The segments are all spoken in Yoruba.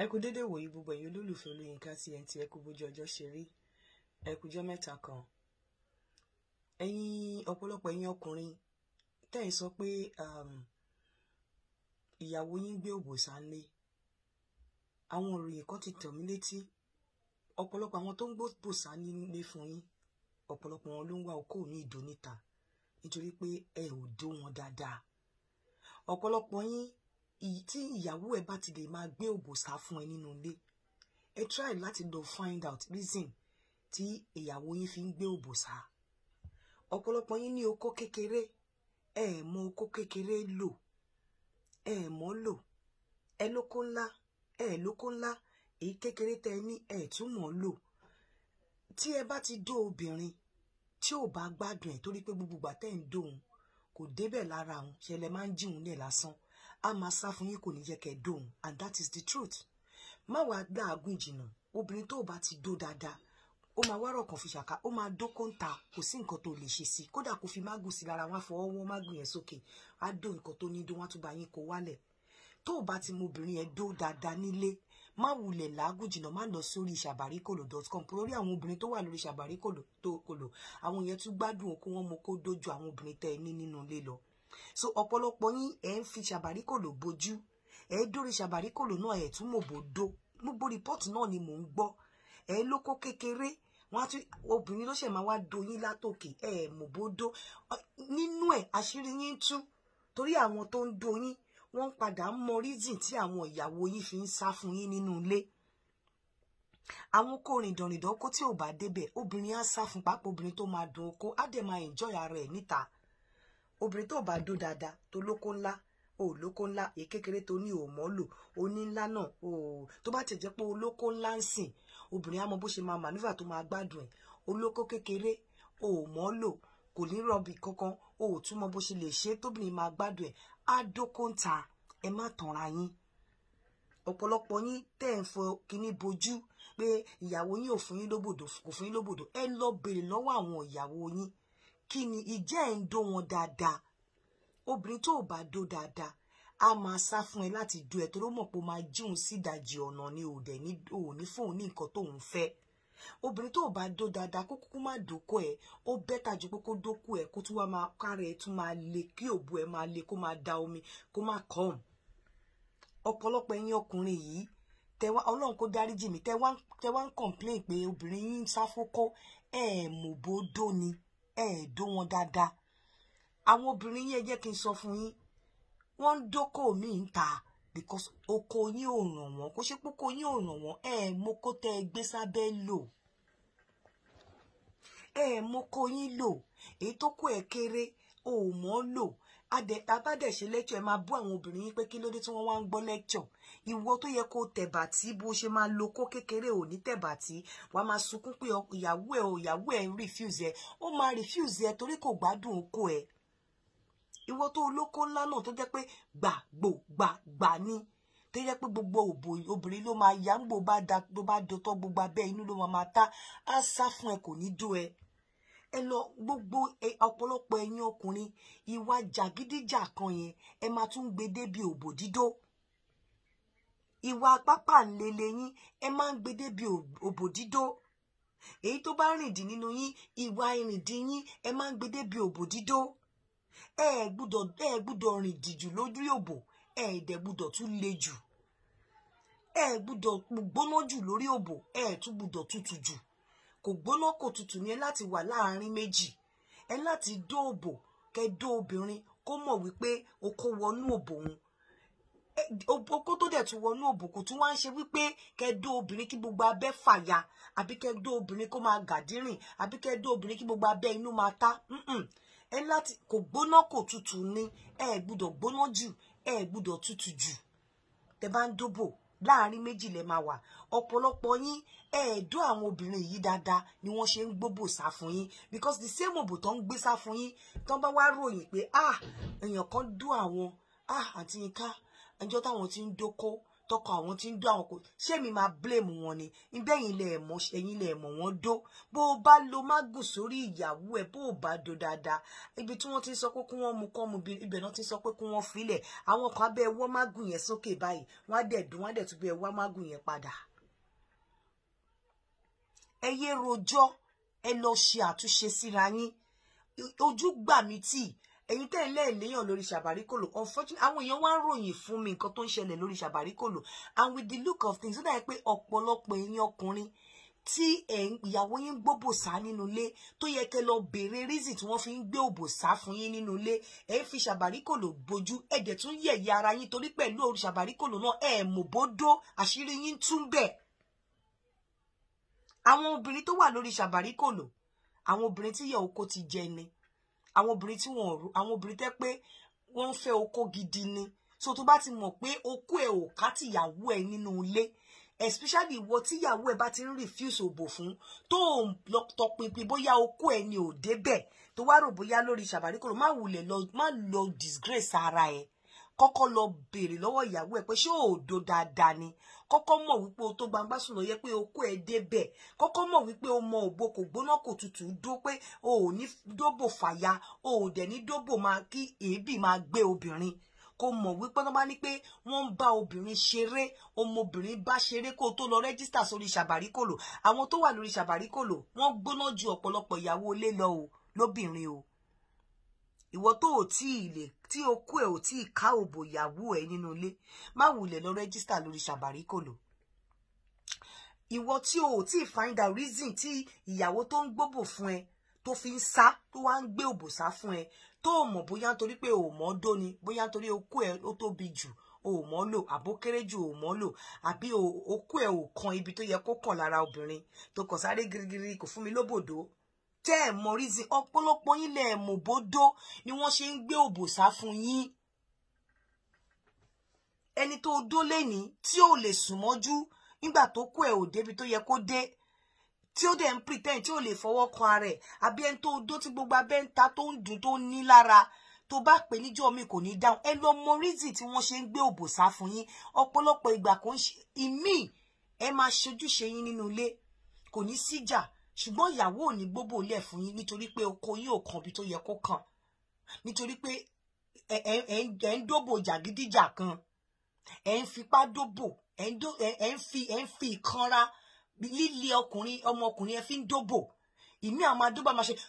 ẹ kú dédé wòyí gbogbo ẹ̀yin olólùfẹ́ olóyinka TNT ẹ kú bójú ọjọ́ ṣe rí ẹ kújọ́ mẹ́ta kan ẹ̀yin ọ̀pọ̀lọpọ̀ ẹ̀yin ọkùnrin tẹ́ ẹ̀ sọ pé um, ìyàwó yín gbé òbòsà ńlé àwọn òròyìn kan ti tàn mí létí ọ̀pọ̀lọpọ̀ àwọn tó ń gbó bòsà nílé fún yín ọ̀pọ̀lọpọ̀ wọn ló ń wá okó mi ìdó níta nítorí pé ẹ ò dó wọn dáadáa ọ̀pọ̀lọpọ̀ yín tí ìyàwó ẹ bá ti lè máa gbé òbòsà fún ẹ nínú ilé ẹ try láti lọ find out reason tí ìyàwó yín fi ń gbé òbòsà ọ̀pọ̀lọpọ̀ yín ní okó kékeré ẹ ẹ̀ mọ okó kékeré lò ẹ ẹ̀ mọ́ lò ẹ lóko ńlá ẹ ẹ̀ lóko ńlá èyí kékeré tẹ ẹ ní ẹ tún mọ̀ lò tí ẹ bá ti dó obìnrin tí ò bá gbádùn ẹ torí pé gbogbo ìgbà tẹ́ ń dóhun kò débẹ̀ lára òun ṣẹlẹ̀ máa ń jíhun lẹ̀ lásán a máa sá fún yín kò ní yẹ kẹ́ dóhùn and that is the truth má wàá dáàgùn ìjìnà obìnrin tó o bá ti dó dáadáa ó máa wárọ̀ kan fi ṣàká ó máa dó kọ́ńtà kò sí nǹkan tó lè ṣe sí kódà kò fi mágù sí lára wọn fọwọ́ wọn mágù yẹn sókè á dó nǹkan tó ní dó wọn tún bá yín kó wálẹ̀ tó o bá ti mọ obìnrin yẹn dó dáadáa nílé má wulẹ̀ làágùn jìnnà má lọ sórí ìṣàbáríkòlò dot com lórí àwọn obìnrin tó wà lórí ìṣàbáríkòlò àwọn yẹn tún gbádùn okó wọn mo kó dojú àwọn obìnrin tẹ ẹ ní nínú ilé lọ so ọ̀pọ̀lọpọ̀ yín ẹ̀ ń fi ṣàbàríkòlò bojú ẹ̀ dórí ṣàbàríkòlò náà ẹ̀ tún mọ̀ bòdo gbogbo rìpọ́ọ̀tì náà ni mò ń gbọ́ ẹ̀ lóko kékeré wọn á tún obìnrin ló ṣe máa wá doyin látòkè ẹ̀ mọ̀ bòdo nínú ẹ̀ àṣírí yín tú torí àwọn tó ń doyin wọ́n padà ń mọ rízìn tí àwọn ìyàwó yín fi ń sá fún yín nínú ilé àwọn kò rìn dànrìndàn kó tí ò bá débẹ̀ obìnrin á sá fún pápá obìnrin tó máa dùn oko á dẹ̀ máa enjoy ara ẹ̀ níta obìnrin tó bá dó dáadáa tó lóko ńlá o lóko ńlá èyí kékeré tó ní ò lò ó ńlá náà o tó bá ti jẹ́ pé olóko ńlá ń sìn obìnrin á mọ bó ṣe máa mànúfà tó máa gbádùn ẹ̀ olóko kékeré o mọ́ lò kò ní rọbì kankan o ò tún mọ bó ṣe lè ṣe tóbìnrin máa gbádùn ẹ̀ á dóko ń ta ẹ má tanra yín ọ̀pọ̀lọpọ̀ yín tẹ́ ń fọ kínní bojú pé ìyàwó yín ò fún yín lóbòdò kò fún yín lóbòdò ẹ lọ bèrè lọ́wọ́ àwọn ìyàwó yín kí ni ìjẹ́ ẹ̀ ń dó wọn dáadáa obìnrin tó bá dó dáadáa a máa sá fún ẹ láti dó ẹ tó ló mọ̀ pé ó máa jíun sí ìdajì ọ̀nà ni ò dẹ̀ ní òní fóun ní nǹkan tóun fẹ́ obìnrin tó bá dó dáadáa kó kúkú má dókó ẹ ó bẹ́tà ju pé kó dókó ẹ kó tún wá máa kárẹ̀ ẹ tún máa le kí òbu ẹ máa le kó máa da omi kó má kọ́ọ̀n ọ̀pọ̀lọpọ̀ ẹ̀yin ọkùnrin yìí ọlọ́run kó dáríjì mi tẹwa ń complain pé obìnrin yín ń sáfókó ẹ̀ ni ẹ ẹ̀ dó wọn dáadáa àwọn obìnrin yẹn jẹ́ kí n sọ fún yín wọ́n ń dóko mi ta because oko yín ò ràn wọ́n kó ṣe poko yín ò ràn wọ́n ẹ ẹ̀ mọ́kó tẹ́ ẹ gbé sábẹ́ lò ẹ ẹ̀ mọ́kó yín lò èyí tó kó ẹ kéré ò mọ́ lò abádẹ̀ṣe lecture ẹ máa bú àwọn obìnrin yín pé kí ló dé tí wọ́n wá ń gbọ́ lecture ìwọ tó yẹ kó tẹ̀bà tí bó ṣe máa lo kó kékeré ò ní tẹ̀bà tí wàá máa sunkún pé ìyàwó ẹ ò ìyàwó ẹ ń refuse ẹ ó máa refuse ẹ torí kò gbádùn oko ẹ ìwọ tó olóko ńlá náà tó jẹ́ pé gbàgbò gbàgbà ni tó yẹ pé gbogbo obìnrin ló máa yá ń gbò bá do gbogbo abẹ́ inú ló máa ta á sá fún ẹ kò ní dùn ẹ ẹ lọ gbogbo ọ̀pọ̀lọpọ̀ ẹ̀yin ọkùnrin ìwà jàgídíjà kan yẹn ẹ máa tún gbé débi òbò dídó ìwà pápá ńlele yín ẹ máa ń gbé débi òbò dídó èyí tó bá rìndì nínú yín ìwà ìrìndì yín ẹ máa ń gbé débi òbò dídó ẹ gbúdọ̀ ẹ gbúdọ̀ rìn dìjù lójú òbò ẹ dẹ̀ gbúdọ̀ tún le jù ẹ gbúdọ̀ gbóná jù lórí òbò ẹ tún gbúdọ̀ tútù jù kò gbóná kò tutù ni ẹ láti wà láàárín méjì ẹ láti dóòbò kẹ dó obìnrin kó mọ̀ wípé okó wọnú òbò òun okó tó dẹ̀ tún wọnú òbò kò tún wá ń ṣe wípé kẹ dó obìnrin kí gbogbo abẹ́ fàya àbí kẹ dó obìnrin kó máa gàdírìn àbí kẹ dó obìnrin kí gbogbo abẹ́ inú máa ta ẹ láti kò gbóná kò tutù ni ẹ gbúdọ̀ gbóná jù ẹ gbúdọ̀ tutù jù tẹ bá ń dóbò láàrin méjì lẹ máa wà ọ̀pọ̀lọpọ̀ yín ẹ̀ẹ́dọ́ àwọn obìnrin yìí dáadáa ni wọ́n ṣe ń gbóbò sá fún yín because the same òbò tó ń gbé sá fún yín tó ń bá wá ròyìn pé ah èèyàn kan dún àwọn ah àti yín ká ẹjọ́ táwọn ti ń dóko tọkọ àwọn tí ń dó àwọn kò ṣé mi máa blame wọn ni ibẹ̀yìn ilẹ̀ ẹ̀mọ́ ẹ̀yìn ilẹ̀ ẹ̀mọ́ wọn dó bó o bá lo mágùn sórí ìyàwó ẹ̀ bó o bá do dáadáa ibi tí wọ́n ti sọ pé kí wọ́n mu kọ́ mu ibẹ̀ náà ti sọ pé kí wọ́n filẹ̀ àwọn kan abẹ́ wọ́ mágùn yẹn sókè báyìí wọ́n á dẹ̀ dùn wọ́n á dẹ̀ tún bẹ́ẹ̀ wá mágùn yẹn padà ẹ yé rojọ́ ẹ lọ ṣe àtúnṣe síra yín ojú gbà mí tì ẹ̀yin tẹ́ ẹ̀ lẹ́ẹ̀ léèyàn lórí ṣàbáríkòlò unfortunately àwọn èèyàn wá ń ròyìn fún mi nǹkan tó ń ṣẹlẹ̀ lórí ṣàbáríkòlò and with the look of things ó dà pé ọ̀pọ̀lọpọ̀ èèyàn ọkùnrin tí ìyàwó yín ń gbó bòsá nínú ilé tó yẹ kẹ́ lọ béèrè reason tí wọ́n fi ń gbé òbòsá fún yín nínú ilé ẹ ń fi ṣàbáríkòlò bojú ẹ̀dẹ̀ tún yẹ̀yẹ́ ara yín torí pẹ̀lú òru ṣàbáríkòlò náà ẹ̀ mòbódó àṣírí yín tún bẹ̀. àwọn obìnrin tó wà lórí ṣàbáríkòlò àwọn obìnrin tí ìyà oko ti jẹ ni àwọn obìnrin tí wọn àwọn obìnrin tẹ́ pé wọ́n ń fẹ́ okó gidi ni so tó bá ti mọ̀ pé oko ẹ̀ ò ká tìyàwó ẹ̀ nínú ilé especially ìwọ tíyàwó ẹ̀ bá ti ń refuse òbò fún tó ń tọpinpin bóyá oko ẹ̀ ni ò débẹ̀ tó wá rò bóyá lórí ṣàbáríkòrò má wulẹ̀ lọ má lọ disgrace ara ẹ̀ kọ́kọ́ lọ béèrè lọ́wọ́ ìyàwó ẹ̀ pé ṣé òòdo dáadáa ni kọ́kọ́ mọ̀ wípé o tó gbangba sùn lọ yẹ pé o kó ẹ débẹ̀ kọ́kọ́ mọ̀ wípé o mọ òbo kò gbóná kò tutù dó pé o ò ní dóbò fàya o ò dẹ̀ ní dóbò máa kí èébì máa gbé obìnrin kó mọ̀ wípé wọ́n bá ní pé wọ́n ń bá obìnrin ṣeré ọmọbìnrin bá ṣeré kó tó lọ rẹ́gísítà sórí ṣàbáríkòlò àwọn tó wà lórí ṣàbáríkòlò wọ́n gbóná ju ọ̀pọ̀lọpọ̀ ìyàwó ilé lọ o lóbìnrin o ìwọ tó ò tí ì lè tí okú ẹ ò tí ì ká òbò ìyàwó ẹ nínú ilé má wulẹ̀ lọ rẹ́gísítà lórí ṣàbàríkòlò ìwọ tí o tí ì find out reason tí ìyàwó tó ń gbóbò fún ẹ tó fi ń sá tó wá ń gbé òbò sá fún ẹ tó o mọ̀ bóyá nítorí pé o mọ̀ ọ́ dóni bóyá nítorí okú ẹ ó tóbi jù o mọ̀ lò àbó kéré jù o mọ̀ lò àbí okú ẹ ò kan ibi tó yẹ kó kàn lára obìnrin tó kàn sáré girigiri kò fún mi lóbòdó tẹ́ ẹ̀ mọ reason ọ̀pọ̀lọpọ̀ yín lẹ̀ mọ̀ bódó ni wọ́n ṣe ń gbé òbòsá fún yín ẹni tó dó lẹ́ni tí ò lè sùn mọ́jú nígbà tó kú ẹ̀ ò débi tó yẹ kó dé tí ó dẹ̀ ń pretend tí ò lè fọwọ́ kan ara ẹ̀ àbí ẹni tó dó tí gbogbo abẹ́ ń ta tó ń dùn tó ní lára tó bá pè níjọ́ mi kò ní dáhùn ẹ lọ mọ tí wọ́n ṣe ń gbé òbòsá fún yín ọ̀pọ̀lọpọ̀ ìgbà kò ṣe ìmíì ẹ máa ṣojúṣe yín nínú ilé kò ní síjà ṣùgbọ́n ìyàwó ò ní gbóbò lẹ̀ fún yín nítorí pé oko yín ò kàn bí tó yẹ kó kàn nítorí pé ẹ̀ ń dóbò jàgídíjà kan ẹ̀ ń fipá dóbò ẹ̀ ń fi ẹ̀ ń fi ìkanra líle ọkùnrin ọmọkùnrin ẹ̀ fi ń dóbò ìmí àwọn adóbò máa ṣe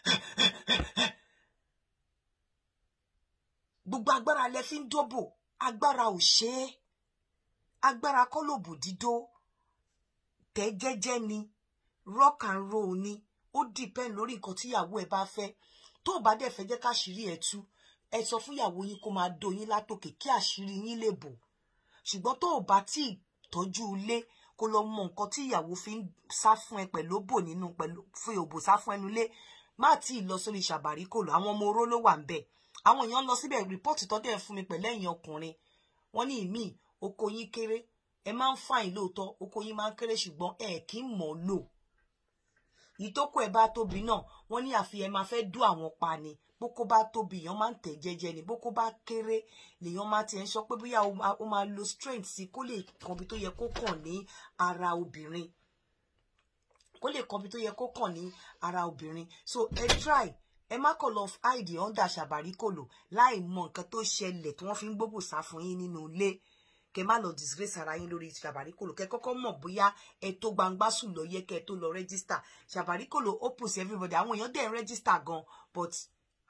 gbogbo agbára lẹ fi ń dóbò agbára ò ṣe é agbára kọ́ lòbò dídó tẹ́ jẹ́jẹ́ ni rock and roll ni o depend lórí nǹkan tíyàwó ẹ bá fẹ́ tó bá dẹ̀ fẹ́ jẹ́ káṣírí ẹ tú ẹ sọ fún ìyàwó yín kó máa do yín látòkè kí àṣírí yín lè bò ṣùgbọ́n tó bá tí ì tọ́jú ilé kó lọ mọ nǹkan tí ìyàwó fi ń sá fún ẹ pẹ̀lú òbò nínú pẹ̀lú fi òbò sá fún ẹnu ilé má tí ì lọ sórí ṣàbàrí kò lọ àwọn ọmọ oró ló wà ń bẹ̀ àwọn èèyàn lọ síbẹ̀ rìpọ́ọ̀tì mi pẹ̀lú ẹ̀yìn ọkùnrin wọ́n ní ìmí oko yín kéré ẹ máa ń fàìn lóòótọ́ oko yín máa ń kéré ṣùgbọ́n ẹ kì í mọ̀ ìtókò ẹ bá tóbi náà wọn ní àfi ẹ máa fẹ́ dú àwọn pa ni bókó bá tóbi èèyàn máa ń tẹ̀ jẹ́jẹ́ ni bókó bá kéré lèèyàn máa ti ẹ̀ ń sọ pé bóyá o máa lo strength sí kó lè kọbi tó yẹ kó kàn ní ara obìnrin kó lè kọbi tó yẹ kó kàn ní ara obìnrin so ẹ try ẹ má kàn lọ hide under ṣàbárí kòlò láì mọ nǹkan tó ṣẹlẹ̀ tí wọ́n fi ń gbógbòsá fún yín nínú ilé kẹ má lọ disgrace ara yín lórí ṣàbàríkòlò kẹ kọ́kọ́ mọ̀ bóyá ẹ tó gbangba sùn lọ yẹ kẹ tó lọ register ṣàbàríkòlò open sí everybody àwọn èèyàn dẹ̀ ń register gan but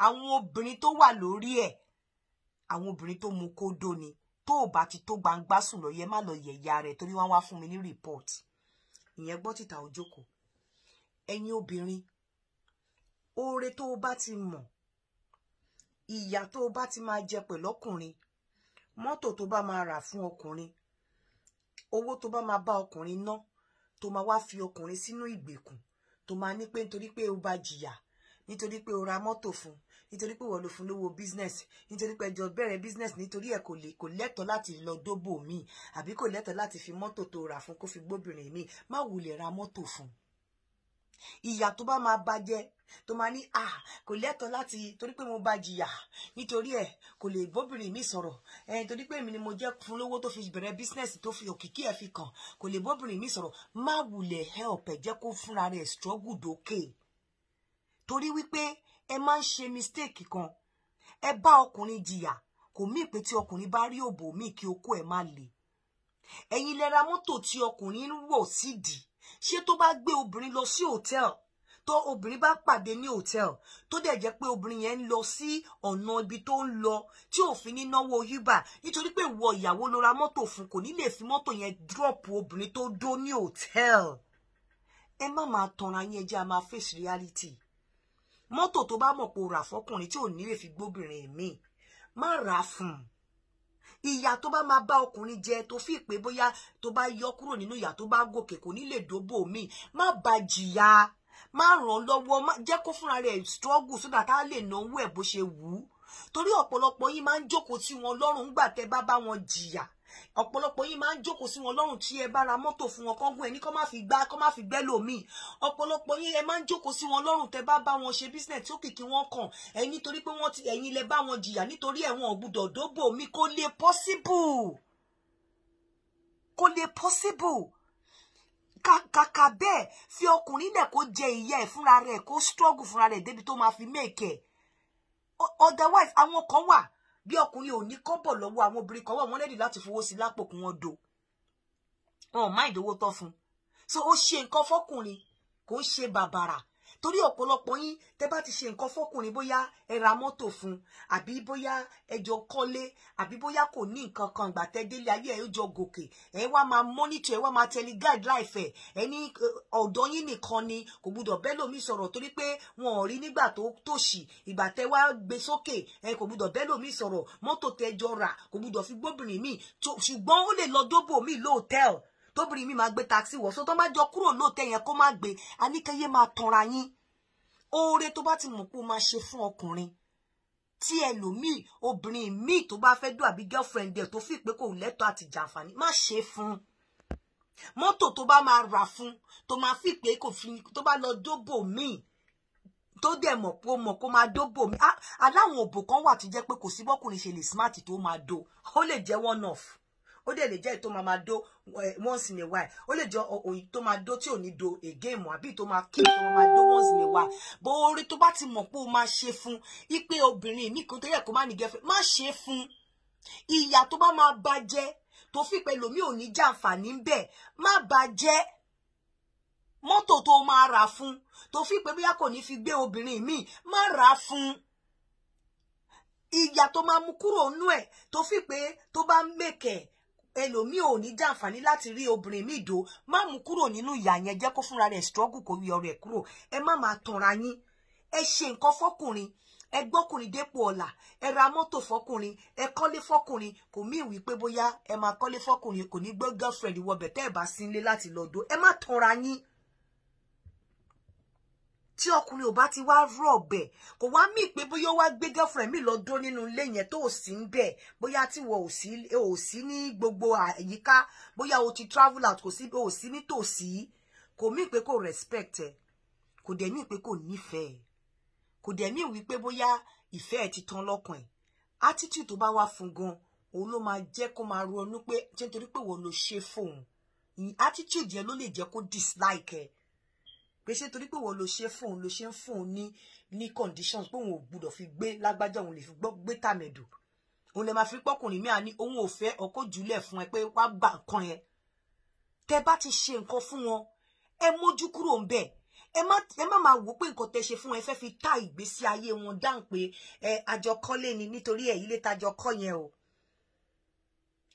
àwọn obìnrin tó wà lórí ẹ̀ àwọn obìnrin tó mu kódó ni tó o bá ti tó gbangba sùn lọ yẹ má lọ yẹ̀yà rẹ̀ torí wọ́n wá fún mi ní report ìyẹn gbọ́ títà òjòkó ẹ̀yin obìnrin oore tó o bá ti mọ̀ ìyà tó o bá ti máa jẹ pẹ̀lọ́kùnrin mọ́tò tó bá máa rà fún ọkùnrin owó tó bá máa bá ọkùnrin ná tó máa wá fi ọkùnrin sínú ìgbèkùn tó máa ní pé nítorí pé ó bá jìyà nítorí pé o ra mọ́tò fún nítorí pé wọ́n ló fún lówó business nítorí pé ẹjọ́ bẹ̀rẹ̀ business nítorí ẹ̀ kò lè kò lẹ́tọ̀ọ́ láti lọ dóbò mi àbí kò lẹ́tọ̀ọ́ láti fi mọ́tò tó rà fún kó fi gbóbìnrin mi má wulẹ̀ ra mọ́tò fún. ìyà tó bá máa bá tó máa ní à kò lẹ́tọ̀ọ́ láti torí pé mo bá jìyà nítorí ẹ̀ kò lè bóbìnrin mi sọ̀rọ̀ ẹ̀yìn torí pé èmi ni mo jẹ́ fún lówó tó fi bẹ̀rẹ̀ bísínẹ́sì tó fi òkìkí ẹ̀ fi kàn kò lè bóbìnrin mi sọ̀rọ̀ má wulẹ̀ help ẹ̀ jẹ́ kó fúnra rẹ̀ struggle dókè torí wípé ẹ máa ń ṣe mistake kan ẹ bá ọkùnrin jìyà kò mí pé tí ọkùnrin bá rí òbò míì kí okó ẹ̀ má le ẹ̀yin lẹ ra mọ́tò tí ọkùnrin ń wọ̀ sídìí ṣé tó bá gbé obìnrin lọ sí hòtẹ́ẹ̀lì tó obìnrin bá pàdé ní hòtẹ́ẹ̀lì tó dẹ̀ jẹ́ pé obìnrin yẹn ń lọ sí ọ̀nà ibi tó ń lọ tí òfin ní náwó uber nítorí pé ìwọ ìyàwó ló ra mọ́tò fún kò ní lè fi mọ́tò yẹn dírọ̀pù obìnrin tó dó ní hòtẹ́ẹ̀lì ẹ má máa tanra yín ẹ a máa face reality mọ́tò tó bá mọ̀ pé o rà fọkùnrin tí ò ní lè fi gbóbìnrin mi má rà fún un ìyà tó bá máa bá ọkùnrin jẹ tó fi pé bóyá tó bá yọ kúrò nínú ìyà tó bá gòkè kò ní lè dóbò míì má ba má ràn lọ́wọ́ jẹ́ kó fúnra rẹ̀ struggle so that á lè náwó ẹ̀ bó ṣe wù ú torí ọ̀pọ̀lọpọ̀ yín máa ń jókòó tí wọn lọ́rùn ńgbà tẹ́ bá bá wọn jìyà ọ̀pọ̀lọpọ̀ yín máa ń jókòó sí wọn lọ́rùn tí ẹ bá ra mọ́tò fún wọn kọ́gùn ẹ ní kó má fi gbá kó má fi gbẹ́ lòmíì ọ̀pọ̀lọpọ̀ yín ẹ máa ń jókòó sí wọn lọ́rùn tẹ bá bá wọn ṣe bísínẹ̀ tí ó kìkì wọn kàn ẹ̀yin nítorí pé ti ẹ̀yin lẹ bá wọn jìyà nítorí ẹ̀wọ̀n ògbúdọ̀ dóbò mi kó lè possible kó lè possible kàkà bẹ́ẹ̀ fi ọkùnrin lẹ̀ kó jẹ ìyá ẹ̀ fúnra rẹ̀ kó struggle fúnra rẹ̀ débi tó máa fi make otherwise àwọn kan wà bí ọkùnrin ò ní kọ́bọ̀ lọ́wọ́ àwọn obìnrin kan wà wọ́n lẹ́dí láti fowó sí lápò kí wọ́n do wọn ò má ìdówó tọ́ fún so ó ṣe nǹkan fọkùnrin kò ṣe bàbàrà torí ọ̀pọ̀lọpọ̀ yín tẹ́ bá ti ṣe nǹkan fọ́kùnrin bóyá ẹ ra mọ́tò fún àbí bóyá ẹ jọ kọ́lé àbí bóyá kò ní nǹkan kan gbà tẹ́ délé ayé ẹ jọ gòkè ẹ wá máa mọ́nítọ̀ ẹ wá máa tẹ̀lé guide life ẹ ẹ ní ọ̀dọ́ yín nìkan ni kò gbúdọ̀ bẹ́ẹ̀ lómi sọ̀rọ̀ torí pé wọn ò rí nígbà tó tòṣì ìgbà tẹ́ wá gbé sókè ẹ kò gbúdọ̀ bẹ́ẹ̀ lómi sọ̀rọ̀ mọ́tò tẹ́ jọ rà kò gbúdọ̀ fi gbóbìnrin míì ṣùgbọ́n ó lè lọ dóbò míì lóòtẹ́ẹ̀lì tóbìnrin mi máa gbé taxi wọ̀ so tó má jọ kúrò lóòótẹ́ yẹn kó má gbé aníkẹyẹ máa tanra yín oore tó bá ti mọ̀ pé o máa ṣe fún ọkùnrin tí ẹlòmíì obìnrin míì tó bá fẹ́ dùn àbí girlfriend ẹ̀ tó fi pé kò lẹ́tọ̀ọ́ àti jàǹfààní má ṣe fún un mọ́tò tó bá máa rà fún tó máa fi pé kò fi tó bá lọ dóbò míì tó dẹ̀ mọ̀ pé ó mọ̀ kó máa dóbò míì aláwọn òbò kan wà tó jẹ́ pé kò sí bọ́kùnrin ṣe lè smart tó máa do ó lè jẹ́ one off ó dẹ̀ lè jẹ́ èyí tó máa máa dó eh, once in a while ó lè jẹ́ òyì tó máa dó tí ò ní do again mọ́ àbí tó máa kí tó máa dó once in a while bó orí tó bá ti mọ̀ pé o máa ṣe fún ipe obìnrin mi kò tó yẹ kó má ní gẹ́fẹ́ má ṣe fún ìyà tó bá máa bá jẹ́ tó fi pé lòmí ò ní jàǹfààní ń bẹ̀ má bá jẹ́ mọ́tò tó máa rà fún tó fi pé bóyá kò ní fi gbé obìnrin míì má rà fún ìyà tó máa mú kúrò nú ẹ̀ tó fi pé tó bá ń mèkẹ̀ ẹlòmíì ò ní jàǹfààní láti rí obìnrin míì dó má mú kúrò nínú ìyà yẹn jẹ́ kó fúnra rẹ̀ struggle kó yọ rẹ̀ kúrò ẹ má máa tanra yín ẹ ṣe nǹkan fọkùnrin ẹ gbọ́kùnrin dépò ọ̀la ẹ ra mọ́tò fọkùnrin ẹ kọ́lé fọkùnrin kò mí ìwí pé bóyá ẹ máa kọ́lé fọkùnrin kò ní gbé girlfriend wọbẹ̀ tẹ́ ẹ bá sí láti lọ ẹ má tanra yín tí ọkùnrin ò bá ti wá rọ̀bẹ̀ kò wá mí pé bóyá ó wá girlfriend mi lọ dó nínú ilé yẹn tó ò sí ń bẹ̀ bóyá tí wọ́n ò sí ní gbogbo àyíká bóyá o ti travel out kò sí ò sí nítòsí kò mí pé kò respect ẹ kò dẹ̀ mí pé kò nífẹ̀ẹ́ kò dẹ̀ mí wípé bóyá ìfẹ́ ẹ ti tán lọ́kàn ẹ̀ attitude to ba wa fún gan òun ló máa jẹ́ kó máa ronú pé nítorí pé wọ́n ló ṣe fóun attitude yẹn ló lè jẹ́ kó dislike ẹ̀ pé ṣé torí pé òun ló ṣe fóun ló ṣe ń fóun ní conditions pé òun ò gbúdọ̀ fi gbé lágbájá òun lè fi gbé tàmẹ̀dù òun lè máa fi pọ́kùnrin mi àní òun ò fẹ́ ọkọ jùlẹ̀ fún ẹ pé wá gbà nǹkan yẹn tẹ bá ti ṣe nǹkan fún wọn ẹ mójú kúrò ń bẹ̀ ẹ má ẹ má máa wò pé nǹkan tẹ ṣe fún wọn fi ta ìgbésí ayé wọn dáhùn pé ẹ àjọkọ́lé ni nítorí ẹ ilé tajọkọ́ yẹn o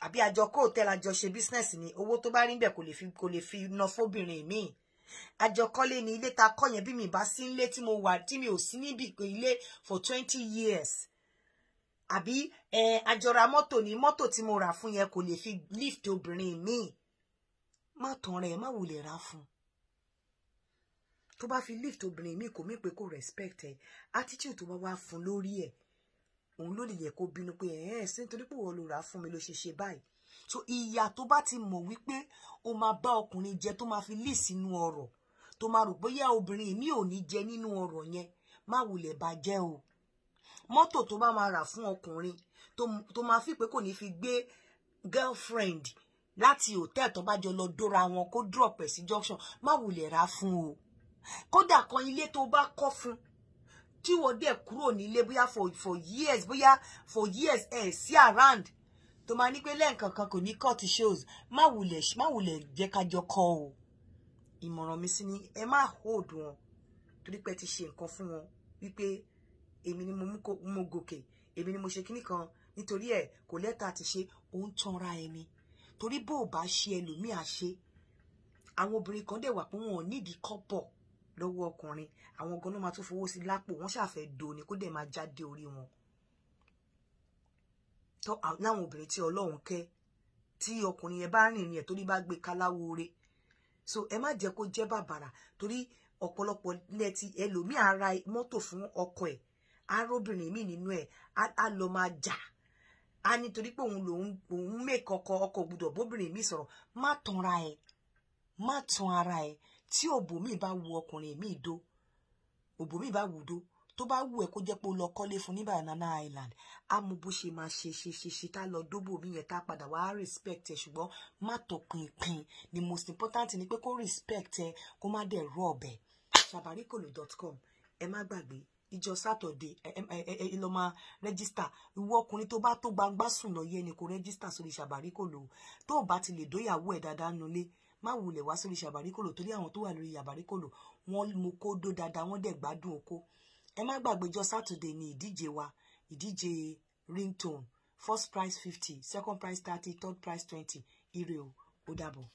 àbí àjọkọ́ òtẹ́lẹ̀ àjọṣe bísínẹ́sì ni owó tó bá rí ń bẹ̀ kò fi kò lè fi ná fóbìnrin míì àjọkọ́lé ni ilé ta kọ́ yẹn bí mi bá sí ilé tí mo wà tí mi ò sí níbi ìpè ilé for twenty years àbí ẹ àjọra mọ́tò ni mọ́tò tí mo rà fún yẹn kò lè fi lift obìnrin mi má tàn rẹ̀ má wulẹ̀ rà fún tó bá fi lift obìnrin mi kò mí pé kò respect ẹ attitude tó bá wá fún lórí ẹ òun ló lè yẹ kó bínú pé ẹ ẹ sí nítorí pé òun ló rà fún mi ló ṣe ṣe báyìí so ìyà tó bá ti mọ̀ wípé o máa bá ọkùnrin jẹ tó máa fi lì sínú ọ̀rọ̀ tó máa rò bóyá obìnrin mi ò ní jẹ nínú ọ̀rọ̀ yẹn má wulẹ̀ bá jẹ́ o mọ́tò tó bá máa rà fún ọkùnrin tó máa fi pé kò ní fi gbé girlfriend láti hòtẹ́ẹ̀ tó bá jọ lọ dóra wọn kó drop ẹ̀ sí junction má wulẹ̀ rà fún o kódà kan ilé tó bá kọ́ fún tí wọ́n dẹ̀ kúrò nílé bóyá for for years bóyá for years ẹ̀ eh, sí around tó máa ní pé lẹ́ǹkan kan kò ní cut shows má wulẹ̀ má wulẹ̀ jẹ́ ká jọ kọ́ o ìmọ̀ràn mi sí ni ẹ má hold wọn torí pé ẹ ti ṣe nǹkan fún wọn wípé èmi ni mo gòkè èmi ni mo ṣe kíní kan nítorí ẹ kò lẹ́tà àti ṣe ó ń tanra ẹni torí bó o bá ṣe ẹlòmíì àṣe àwọn obìnrin kan dẹ̀ wà pé wọn ò nídìí kọ́pọ̀ lọ́wọ́ ọkùnrin àwọn gan máa tún fowó sí lápò wọ́n ṣàfẹ́ do ni kó dẹ̀ máa jáde orí wọn To láwọn obìnrin tí ọlọ́run kẹ́ tí ọkùnrin yẹn bá rìn rìn ẹ̀ torí bá gbé kaláwo re so ẹ má jẹ́ kó jẹ́ bàbàrà torí ọ̀pọ̀lọpọ̀ ilẹ̀ ti ẹlòmíì á ra mọ́tò fún ọkọ ẹ̀ arábìnrin míì nínú ẹ̀ á lọ máa jà á nítorí pé òun lòun òun mèkọ ọkọ ọkọ gbúdọ̀ bóbìnrin míì sọ̀rọ̀ má tanra ẹ̀ má tan ara ẹ̀ tí òbò míì wu ọkùnrin míì dó òbò míì bá wù tó bá wù ẹ́ kó jẹ́ pé o lọ kọ́lé fún ní Banana Island á mú bó ṣe máa ṣe ṣe ṣe ṣe tá lọ dóbò mi yẹn tá padà wá respect ẹ ṣùgbọ́n má tọkùn ìpín the most important ni pé kó respect ẹ kó má dẹ̀ rú ọ̀bẹ sabarikolo.com ẹ má gbàgbé ìjọ sátọdẹ ẹ lọ máa rẹjísítà ìwọ ọkùnrin tó bá tó gbangba sùn lọ yẹ ni kò rẹjísítà sórí Ṣàbàríkòlò tó o bá ti lè dóyàwó ẹ dáadáa nulẹ má wulẹ̀ wá sórí Ṣàbàríkòlò torí àwọn tó wà lórí Ṣàbàríkòlò wọn mú kó dó dáadáa wọn dẹ̀ gbádùn oko ẹ má gbàgbéjọ sátidé ni ìdíje wa ìdíje ringtone first prize fifty second prize thirty third prize twenty ire o ó dàbọ̀.